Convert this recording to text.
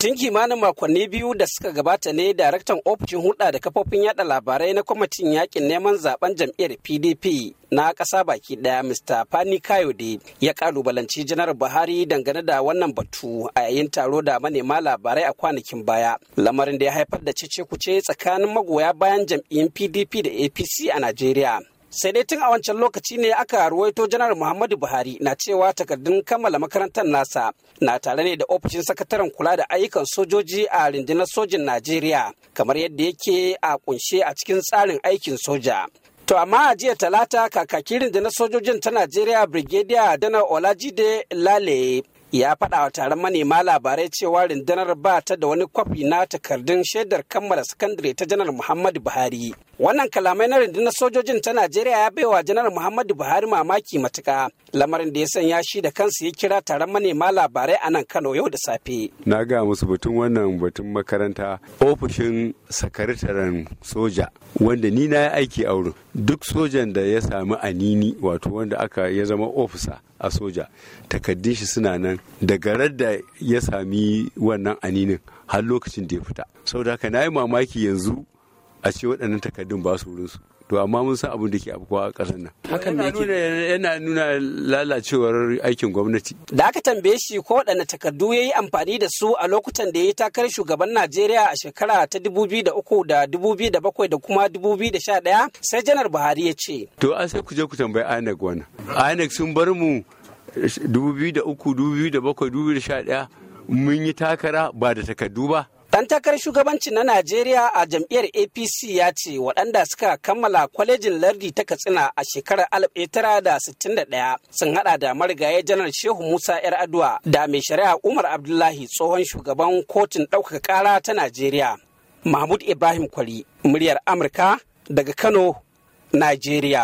Tun kimanin makonni biyu da suka gabata ne daraktan ofishin hulɗa da kafofin yaɗa labarai na kwamitin yakin neman zaben jam'iyyar PDP na ƙasa baki ɗaya Mr. Fani Kayode ya ƙalubalanci janar Buhari dangane da wannan batu a yayin taro da manema labarai a kwanakin baya. Lamarin da ya haifar da cece kuce tsakanin magoya bayan jam'iyyar PDP da APC a Najeriya. sai dai tun a wancan lokaci ne aka ruwaito janar muhammadu buhari na cewa takardun kammala makarantar nasa na tare ne da ofishin sakataren kula da ayyukan sojoji a rundunar sojin najeriya kamar yadda yake a kunshe a cikin tsarin aikin soja To amma a jiya talata kakakin rundunar sojojin ta Najeriya Brigadier Dana Olajide Lale ya faɗa wa taron manema labarai cewa rundunar ba ta da wani kwafi na takardun shaidar kammala sakandare ta janar muhammadu buhari wannan kalamai na rundunar sojojin ta najeriya ya baiwa janar muhammadu buhari mamaki matuka lamarin da ya sanya shi da kansu ya kira taron manema labarai a nan kano yau da safe na ga musu batun wannan batun makaranta ofishin sakaritaren soja wanda ni na yi aiki a wurin duk sojan da ya sami anini wato wanda aka ya zama ofisa a soja takaddun shi suna nan daga da ya sami wannan aninin har lokacin da ya fita saboda haka na yi mamaki yanzu a ce waɗannan takardun ba su wurinsu to amma mun san abin da ke kowa a ƙasar nan hakan ne nuna yana nuna lalacewar aikin gwamnati da aka tambaye shi ko waɗanne takardu ya yi amfani da su a lokutan da ya yi takarar shugaban Najeriya a shekara ta 2003 da 2007 da kuma 2011 sai janar Buhari ya ce to an sai ku je ku tambayi INEC wani. INEC sun bar mu 2003 2007 2011 mun yi takara ba da takardu ba Dan takar shugabanci na Najeriya a jam'iyyar APC ya ce waɗanda suka kammala kwalejin lardi ta Katsina a shekarar 1961 sun hada da marigaye janar Shehu Musa ‘yar aduwa da mai shari'a Umar Abdullahi tsohon shugaban kotun ɗaukaka ƙara ta Najeriya. Mahmud Ibrahim Kwari, muryar Amurka daga Kano, Najeriya.